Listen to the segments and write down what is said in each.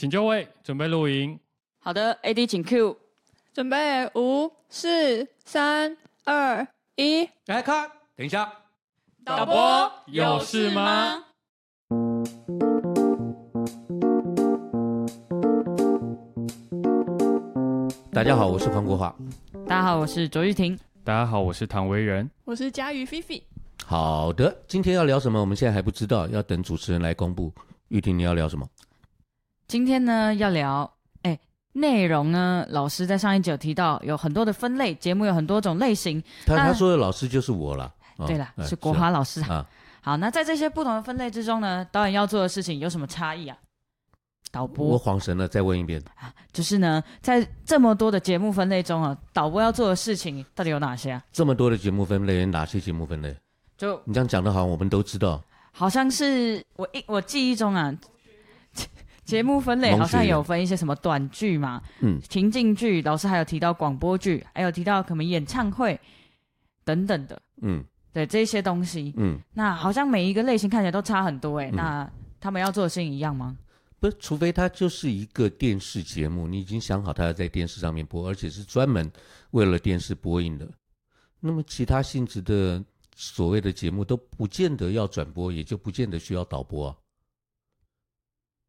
請就位，準備錄音。好的，AD 請 Q，準備五、四、三、二、一，來看，等一下，導播，導播有事嗎？事嗎大家好，我是黃國華。大家好，我是卓玉婷。大家好，我是唐唯仁。我是嘉瑜菲菲。好的，今天要聊什麼？我們現在還不知道，要等主持人來公布。玉婷，你要聊什麼？今天呢，要聊哎，內容呢，老師在上一集有提到有很多的分類，節目有很多種類型。他那他說的老師就是我了。哦、對了啦，哎、是國華老師啊。啊好，那在這些不同的分類之中呢，導演要做的事情有什麼差異啊？導播，我恍神了，再問一遍啊，就是呢，在這麼多的節目分類中啊，導播要做的事情到底有哪些啊？這麼多的節目分類，有哪些節目分類？就你這樣講的，好像我們都知道。好像是我一我記憶中啊。節目分類好像有分一些什麼短劇嘛，嗯，情境劇，老師還有提到廣播劇，還有提到可能演唱會等等的，嗯，對這些東西，嗯，那好像每一個類型看起來都差很多，欸，誒、嗯、那他們要做的事情一樣嗎？不是，除非它就是一個電視節目，你已經想好它要在電視上面播，而且是專門為了電視播映的，那麼其他性質的所謂的節目都不見得要轉播，也就不見得需要導播啊。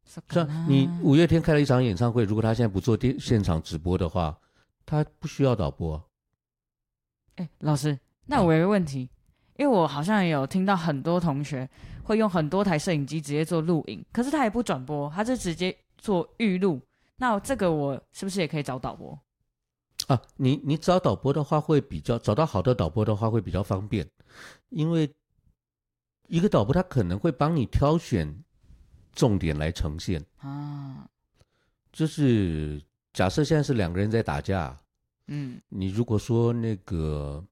像 So, 可能你五月天開了一場演唱會，如果他現在不做電現場直播的話，他不需要導播。啊？誒，老師，那我有一個問題，啊，因為我好像也有聽到很多同學會用很多台攝影機直接做錄影，可是他也不轉播，他就直接做預錄。那這個我是不是也可以找導播啊？你你找導播的話會比較找到好的導播的話會比較方便，因為一個導播他可能會幫你挑選。重點來呈現啊，就是假設現在是兩個人在打架，嗯，你如果說那個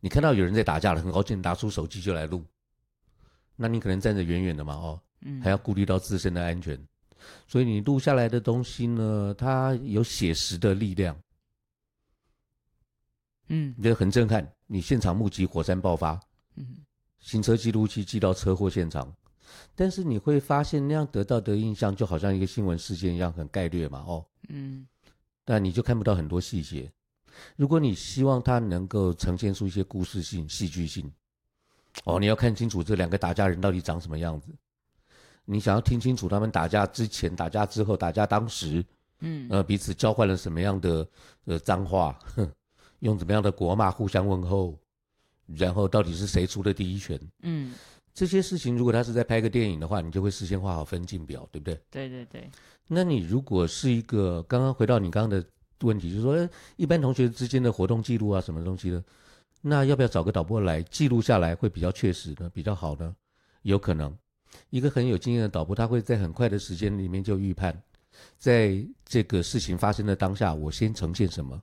你看到有人在打架了，很高興拿出手機就來錄，那你可能站得遠遠的嘛，哦，嗯，還要顧慮到自身的安全，所以你錄下來的東西呢，它有寫實的力量，嗯，你覺得很震撼，你現場目擊火山爆發，嗯，行車記錄器記到車禍現場。但是你會發現，那樣得到的印象就好像一個新聞事件一樣很概略嘛，哦，嗯，但你就看不到很多細節。如果你希望它能夠呈現出一些故事性、戲劇性，哦，你要看清楚這兩個打架人到底長什麼樣子。你想要聽清楚他們打架之前、打架之後、打架當時，嗯，呃，彼此交換了什麼樣的呃髒話，哼，用怎麼樣的國罵互相問候，然後到底是誰出的第一拳，嗯。這些事情，如果他是在拍個電影的話，你就會事先畫好分鏡表，對不對？對對對。那你如果是一個剛剛回到你剛剛的問題，就是說，一般同學之間的活動記錄啊，什麼東西的，那要不要找個導播來記錄下來，會比較確實呢？比較好呢？有可能，一個很有經驗的導播，他會在很快的時間裡面就預判，在這個事情發生的當下，我先呈現什麼，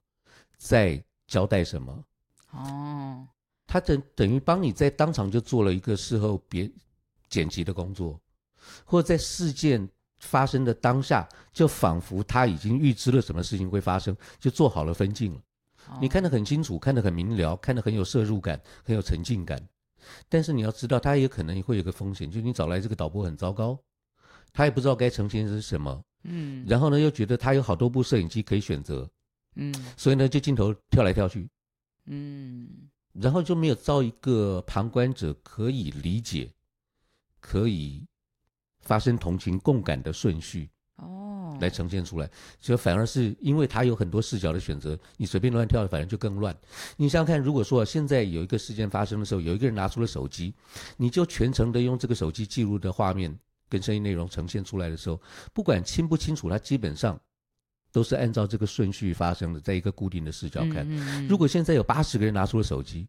再交代什麼。哦、嗯。他等等於幫你在當場就做了一個事後別剪輯的工作，或者在事件發生的當下，就仿佛他已經預知了什麼事情會發生，就做好了分鏡了。哦、你看得很清楚，看得很明了，看得很有涉入感，很有沉浸感。但是你要知道，他也可能會有一個風險，就你找來這個導播很糟糕，他也不知道該呈現的是什麼。嗯。然後呢，又覺得他有好多部攝影機可以選擇。嗯。所以呢，就鏡頭跳來跳去。嗯。然後就沒有造一個旁觀者可以理解、可以發生同情共感的順序，哦，來呈現出來。所以反而是因為它有很多視角的選擇，你隨便亂跳，反而就更亂。你想想看，如果說現在有一個事件發生的時候，有一個人拿出了手機，你就全程的用這個手機記錄的畫面跟聲音內容呈現出來的時候，不管清不清楚，他基本上。都是按照這個順序發生的，在一個固定的視角看。如果現在有八十個人拿出了手機，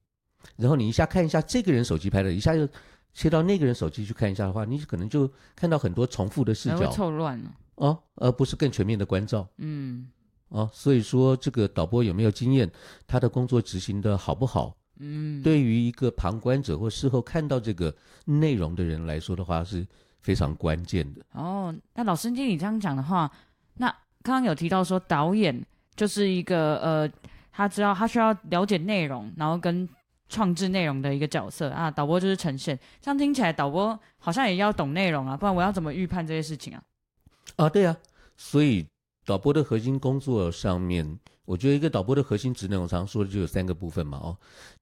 然後你一下看一下這個人手機拍的，一下又切到那個人手機去看一下的話，你可能就看到很多重複的視角，錯亂了哦，而不是更全面的關照。嗯，哦，所以說這個導播有沒有經驗，他的工作執行的好不好，嗯，對於一個旁觀者或事後看到這個內容的人來說的話，是非常關鍵的。哦，那老孫經理這樣講的話，那。剛剛有提到說，導演就是一個呃，他知道他需要了解內容，然後跟創制內容的一個角色啊。導播就是呈現，這樣聽起來導播好像也要懂內容啊，不然我要怎麼預判這些事情啊？啊，對啊，所以導播的核心工作上面，我覺得一個導播的核心職能，我常說的就有三個部分嘛。哦，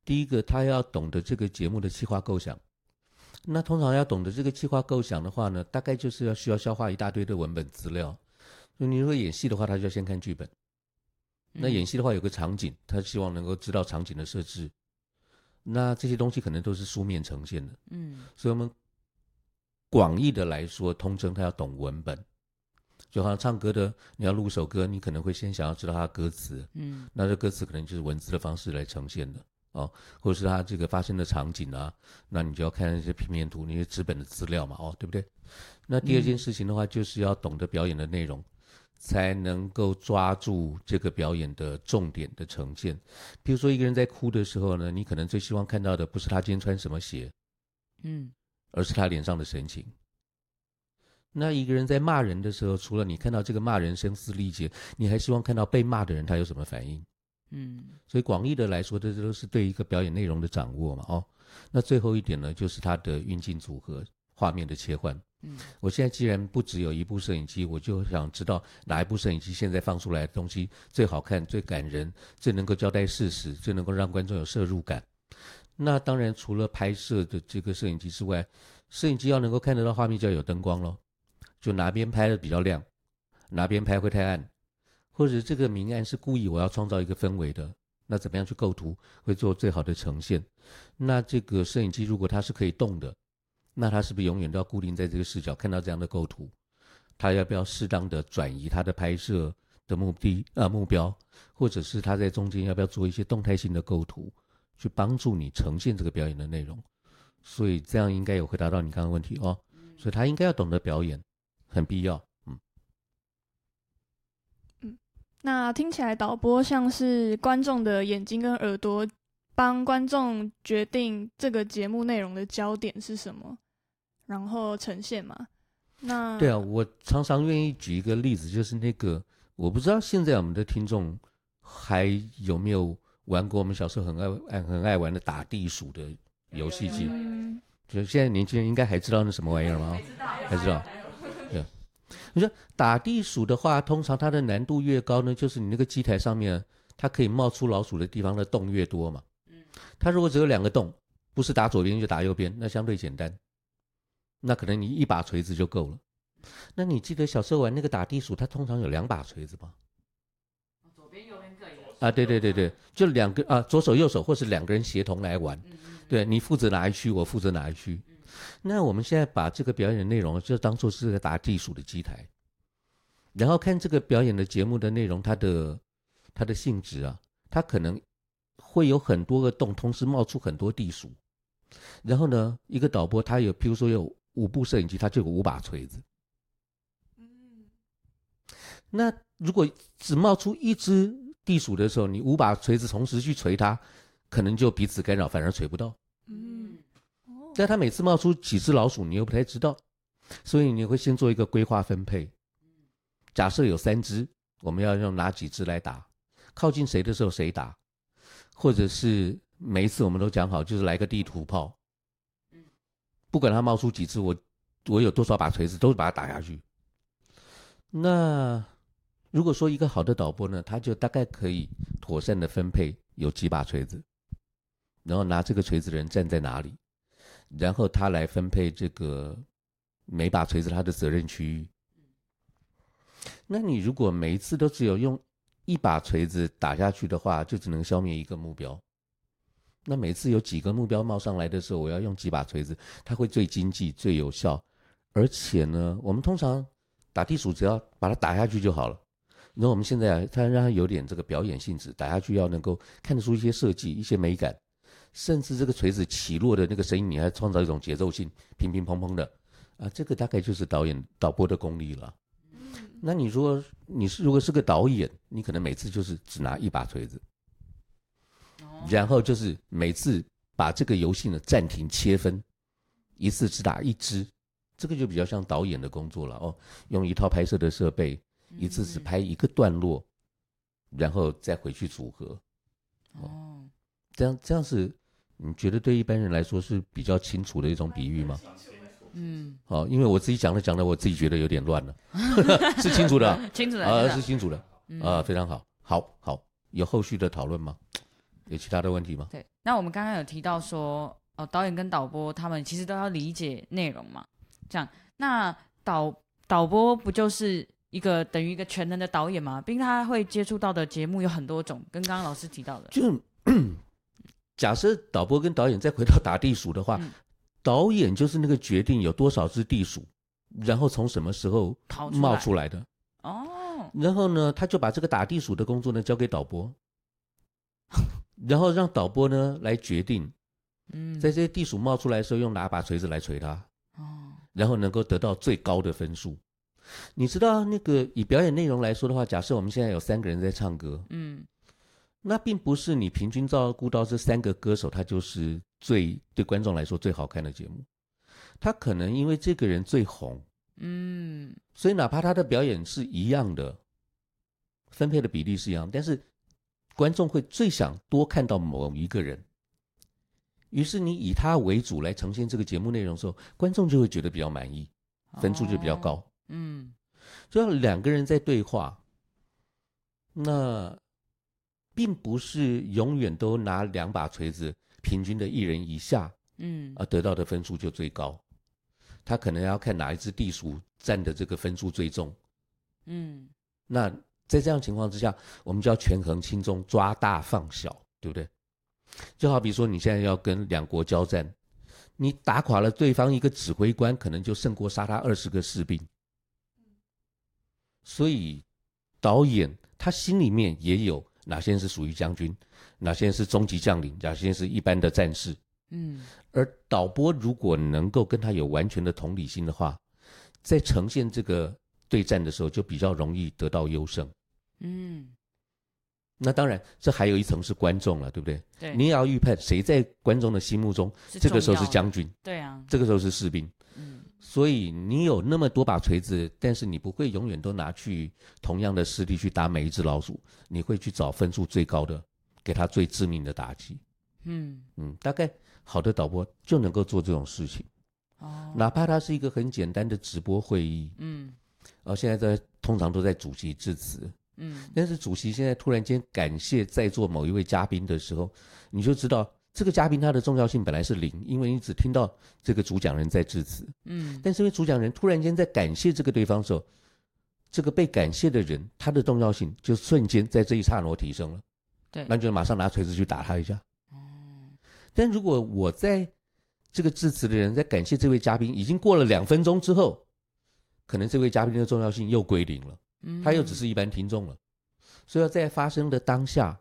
第一個他要懂得這個節目的企劃構想，那通常要懂得這個企劃構想的話呢，大概就是要需要消化一大堆的文本資料。就你如果演戲的話，他就要先看劇本。嗯，那演戲的話，有個場景，他希望能夠知道場景的設置。那這些東西可能都是書面呈現的。嗯，所以我們廣義的來說，通稱他要懂文本。就好像唱歌的，你要錄首歌，你可能會先想要知道他的歌詞。嗯，那這歌詞可能就是文字的方式來呈現的。哦，或者是他這個發生的場景啊，那你就要看一些平面圖、那些紙本的資料嘛，哦，對不對？那第二件事情的話，嗯，就是要懂得表演的內容。才能夠抓住這個表演的重點的呈現，比如說一個人在哭的時候呢，你可能最希望看到的不是他今天穿什麼鞋，嗯，而是他臉上的神情。那一個人在罵人的時候，除了你看到這個罵人聲嘶力竭，你還希望看到被罵的人他有什麼反應，嗯，所以廣義的來說，這都是對一個表演內容的掌握嘛，哦，那最後一點呢，就是他的運鏡組合、畫面的切換。嗯，我現在既然不只有一部攝影機，我就想知道哪一部攝影機現在放出來的東西最好看、最感人、最能夠交代事實、最能夠讓觀眾有攝入感。那當然，除了拍攝的這個攝影機之外，攝影機要能夠看得到畫面，就要有燈光咯，就哪邊拍的比較亮，哪邊拍會太暗，或者這個明暗是故意，我要創造一個氛圍的，那怎麼樣去構圖會做最好的呈現？那這個攝影機如果它是可以動的。那他是不是永遠都要固定在這個視角看到這樣的構圖？他要不要適當的轉移他的拍攝的目的啊目標？或者是他在中間要不要做一些動態性的構圖，去幫助你呈現這個表演的內容？所以這樣應該有回答到你剛剛問題哦。所以他應該要懂得表演，很必要。嗯嗯，那聽起來導播像是觀眾的眼睛跟耳朵。幫觀眾決定這個節目內容的焦點是什麼，然後呈現嘛。那對啊，我常常願意舉一個例子，就是那個我不知道現在我們的聽眾還有沒有玩過我們小時候很愛愛很愛玩的打地鼠的遊戲機？嗯，就現在年輕人應該還知道那什麼玩意兒嗎？還知道？還知道？對。你說打地鼠的話，通常它的難度越高呢，就是你那個機台上面它可以冒出老鼠的地方的洞越多嘛。它如果只有兩個洞，不是打左邊就打右邊，那相對簡單，那可能你一把錘子就夠了。那你記得小時候玩那個打地鼠，它通常有兩把錘子嗎？左邊右邊各一個。啊，對對對對，就兩個啊，左手右手，或是兩個人協同來玩。嗯嗯嗯。對，你負責哪一區，我負責哪一區。嗯。那我們現在把這個表演的內容就當做是個打地鼠的機台，然後看這個表演的節目的內容，它的它的性質啊，它可能，會有很多個洞，同時冒出很多地鼠，然後呢，一個導播他有，譬如說有五部攝影機，他就有五把錘子。嗯，那如果只冒出一只地鼠的時候，你五把錘子同時去錘它，可能就彼此干擾，反而錘不到。嗯，哦。但他每次冒出幾隻老鼠，你又不太知道，所以你會先做一個規劃分配。嗯，假設有三只，我們要用哪幾只來打？靠近誰的時候誰打？或者是每一次我們都講好，就是來個地圖炮，嗯，不管他冒出幾次，我我有多少把錘子都把他打下去。那如果說一個好的導播呢，他就大概可以妥善的分配有幾把錘子，然後拿這個錘子的人站在哪裡，然後他來分配這個每把錘子他的責任區域。那你如果每一次都只有用。一把錘子打下去的話，就只能消滅一個目標。那每次有幾個目標冒上來的時候，我要用幾把錘子，它會最經濟、最有效。而且呢，我們通常打地鼠，只要把它打下去就好了。那我們現在啊，它讓它有點這個表演性質，打下去要能夠看得出一些設計、一些美感，甚至這個錘子起落的那個聲音，你還創造一種節奏性，乒乒乓乓的啊，這個大概就是導演、導播的功力了。那你說，你是如果是個導演，你可能每次就是只拿一把錘子，然後就是每次把這個遊戲呢暫停切分，一次只打一隻，這個就比較像導演的工作了哦。用一套拍攝的設備，一次只拍一個段落，然後再回去組合。哦，這樣這樣是你覺得對一般人來說是比較清楚的一種比喻嗎？嗯，好，因為我自己講著講著，我自己覺得有點亂了 是，是清楚的，清楚的啊，是清楚的啊，非常好，好，好，有後續的討論嗎？有其他的問題嗎？對，那我們剛剛有提到說，哦，導演跟導播他們其實都要理解內容嘛。這樣，那導導播不就是一個等於一個全能的導演嗎？畢竟他會接觸到的節目有很多種，跟剛剛老師提到的，就假設導播跟導演再回到打地鼠的話。嗯導演就是那個決定有多少只地鼠，然後從什麼時候冒出來的，哦，oh. 然後呢，他就把這個打地鼠的工作呢交給導播， 然後讓導播呢來決定，在這些地鼠冒出來的時候用哪把錘子來錘它哦、嗯，然後能夠得到最高的分數。Oh. 你知道那個以表演內容來說的話，假設我們現在有三個人在唱歌，嗯，那並不是你平均照顧到這三個歌手，他就是。最對觀眾來說最好看的節目，他可能因為這個人最紅，嗯，所以哪怕他的表演是一樣的，分配的比例是一樣，但是觀眾會最想多看到某一個人，於是你以他為主來呈現這個節目內容的時候，觀眾就會覺得比較滿意，分數就比較高。哦、嗯，就像兩個人在對話，那並不是永遠都拿兩把錘子。平均的一人以下，嗯，而，得到的分數就最高。他可能要看哪一隻地鼠佔的這個分數最重，嗯，那在這樣情況之下，我們就要權衡輕重，抓大放小，對不對？就好比說，你現在要跟兩國交戰，你打垮了對方一個指揮官，可能就勝過殺他二十個士兵。所以，導演他心裡面也有。哪些人是屬於將軍，哪些人是中級將領，哪些人是一般的戰士，嗯，而導播如果能夠跟他有完全的同理心的話，在呈現這個對戰的時候就比較容易得到優勝，嗯，那當然這還有一層是觀眾了，對不對？對，你也要預判誰在觀眾的心目中這個時候是將軍，對啊，這個時候是士兵。所以你有那麼多把錘子，但是你不會永遠都拿去同樣的勢力去打每一隻老鼠，你會去找分數最高的，給他最致命的打擊。嗯嗯，大概好的導播就能夠做這種事情。哦，哪怕它是一個很簡單的直播會議。嗯，而現在在通常都在主席致辭。嗯，但是主席現在突然間感謝在座某一位嘉賓的時候，你就知道。這個嘉賓他的重要性本來是零，因為你只聽到這個主講人在致辭。嗯，但是因為主講人突然間在感謝這個對方的時候，這個被感謝的人他的重要性就瞬間在這一剎那提升了。對，那就馬上拿錘子去打他一下。哦、嗯，但如果我在這個致辭的人在感謝這位嘉賓，已經過了兩分鐘之後，可能這位嘉賓的重要性又歸零了，嗯、哼他又只是一般聽眾了。所以，在發生的當下。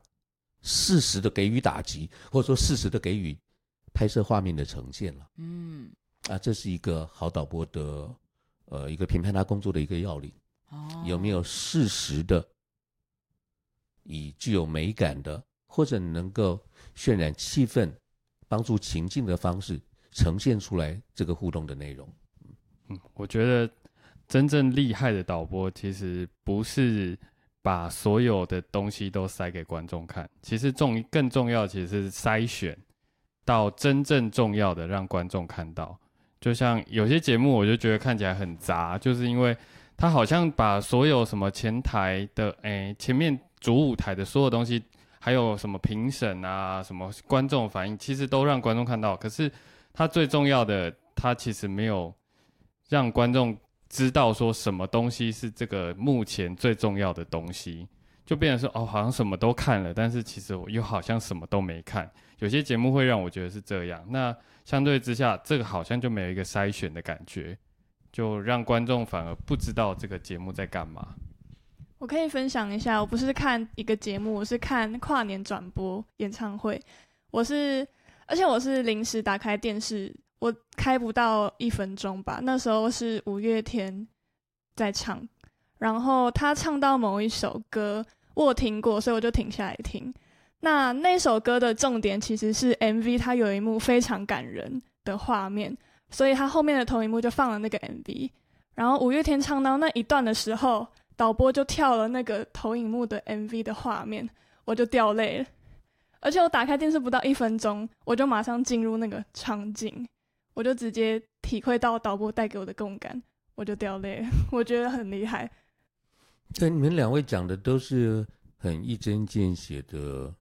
適時的給予打擊，或者說適時的給予拍攝畫面的呈現了。嗯，啊，這是一個好導播的，呃，一個評判他工作的一個要領。哦，有沒有適時的，以具有美感的或者能夠渲染氣氛、幫助情境的方式呈現出來這個互動的內容？嗯，我覺得真正厲害的導播其實不是。把所有的東西都塞給觀眾看，其實重更重要，其實是篩選到真正重要的讓觀眾看到。就像有些節目，我就覺得看起來很雜，就是因為它好像把所有什麼前台的，誒、欸，前面主舞台的所有的東西，還有什麼評審啊，什麼觀眾反應，其實都讓觀眾看到，可是它最重要的，它其實沒有讓觀眾。知道說什麼東西是這個目前最重要的東西，就變成說哦，好像什麼都看了，但是其實我又好像什麼都沒看。有些節目會讓我覺得是這樣。那相對之下，這個好像就沒有一個篩選的感覺，就讓觀眾反而不知道這個節目在幹嘛。我可以分享一下，我不是看一個節目，我是看跨年轉播演唱會，我是而且我是臨時打開電視。我開不到一分鐘吧，那時候是五月天在唱，然後他唱到某一首歌，我聽過，所以我就停下來聽。那那首歌的重點其實是 MV，它有一幕非常感人的畫面，所以他後面的投影幕就放了那個 MV。然後五月天唱到那一段的時候，導播就跳了那個投影幕的 MV 的畫面，我就掉淚了。而且我打開電視不到一分鐘，我就馬上進入那個場景。我就直接體會到導播帶給我的共感，我就掉淚，我覺得很厲害。對，你們兩位講的都是很一針見血的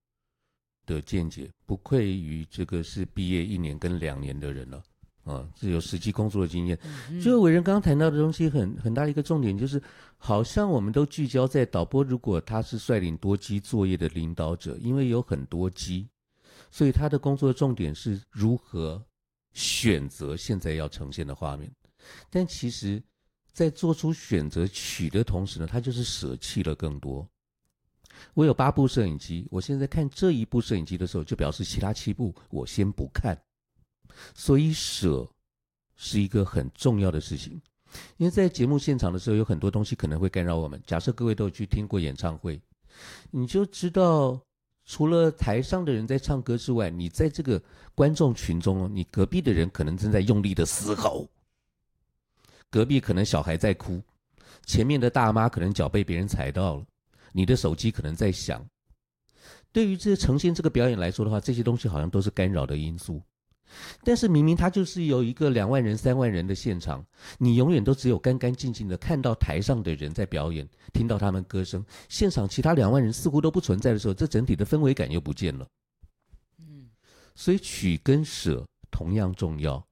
的見解，不愧於這個是畢業一年跟兩年的人了，啊，是有實際工作的經驗。就、嗯嗯、唯仁剛剛談到的東西很，很很大的一個重點就是，好像我們都聚焦在導播，如果他是率領多機作業的領導者，因為有很多機，所以他的工作的重點是如何。選擇現在要呈現的畫面，但其實，在做出選擇取的同時呢，他就是捨棄了更多。我有八部攝影機，我現在看這一部攝影機的時候，就表示其他七部我先不看。所以捨是一個很重要的事情，因為在節目現場的時候，有很多東西可能會干擾我們。假設各位都有去聽過演唱會，你就知道。除了台上的人在唱歌之外，你在這個觀眾群中，你隔壁的人可能正在用力的嘶吼，隔壁可能小孩在哭，前面的大媽可能腳被別人踩到了，你的手機可能在響。對於這些呈現這個表演來說的話，這些東西好像都是干擾的因素。但是明明他就是有一個兩萬人、三萬人的現場，你永遠都只有乾干淨淨的看到台上的人在表演，聽到他們歌聲。現場其他兩萬人似乎都不存在的時候，這整體的氛圍感又不見了。嗯，所以取跟捨同樣重要。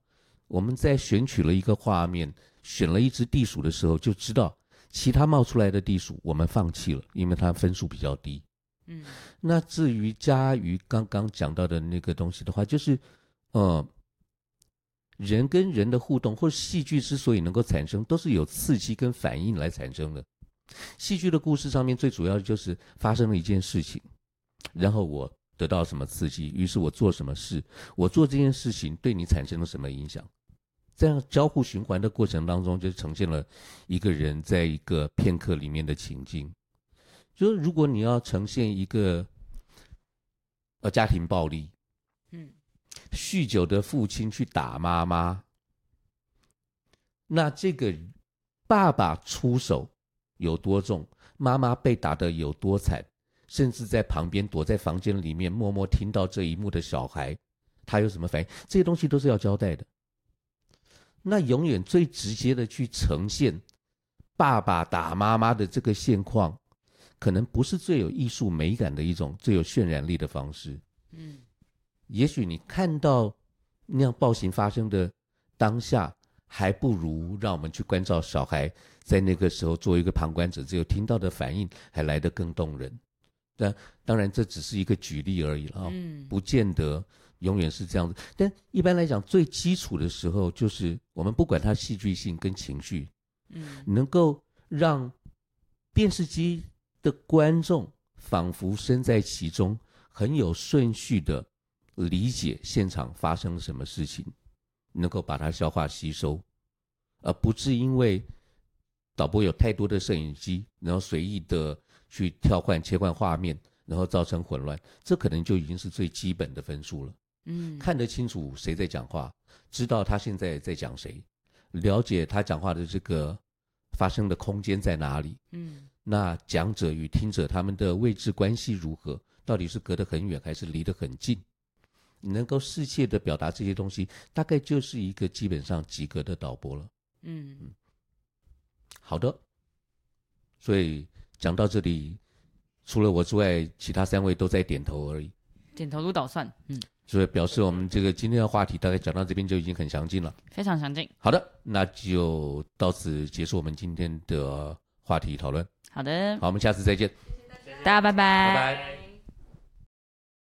我們在選取了一個畫面、選了一隻地鼠的時候，就知道其他冒出來的地鼠我們放棄了，因為它分數比較低。嗯，那至於嘉瑜剛剛講到的那個東西的話，就是。呃，嗯、人跟人的互動或戲劇之所以能夠產生，都是有刺激跟反應來產生的。戲劇的故事上面最主要就是發生了一件事情，然後我得到什麼刺激，於是我做什麼事，我做這件事情對你產生了什麼影響？這樣交互循環的過程當中，就呈現了一個人在一個片刻裡面的情境。就是如果你要呈現一個呃家庭暴力。酗酒的父親去打媽媽，那這個爸爸出手有多重，媽媽被打得有多慘，甚至在旁邊躲在房間裡面默默聽到這一幕的小孩，他有什麼反應？這些東西都是要交代的。那永遠最直接的去呈現爸爸打媽媽的這個現況，可能不是最有藝術美感的一種、最有渲染力的方式。嗯。也許你看到那樣暴行發生的當下，還不如讓我們去關照小孩，在那個時候作為一個旁觀者，只有聽到的反應還來得更動人。但當然，這只是一個舉例而已了、哦，不見得永遠是這樣子。但一般來講，最基礎的時候就是我們不管它戲劇性跟情緒，嗯，能夠讓電視機的觀眾仿佛身在其中，很有順序的。理解現場發生了什麼事情，能夠把它消化吸收，而不是因為導播有太多的攝影機，然後隨意的去跳換切換畫面，然後造成混亂。這可能就已經是最基本的分數了。嗯，看得清楚誰在講話，知道他現在在講誰，了解他講話的這個發生的空間在哪裡。嗯，那講者與聽者他們的位置關係如何？到底是隔得很遠，還是離得很近？你能夠適切地表達這些東西，大概就是一個基本上及格的導播了。嗯，嗯，好的。所以講到這裡，除了我之外，其他三位都在點頭而已。點頭如搗蒜，嗯，所以表示我們這個今天的話題大概講到這邊就已經很詳盡了，非常詳盡。好的，那就到此結束我們今天的話題討論。好的，好，我們下次再見。謝謝大家，大家拜拜。拜拜。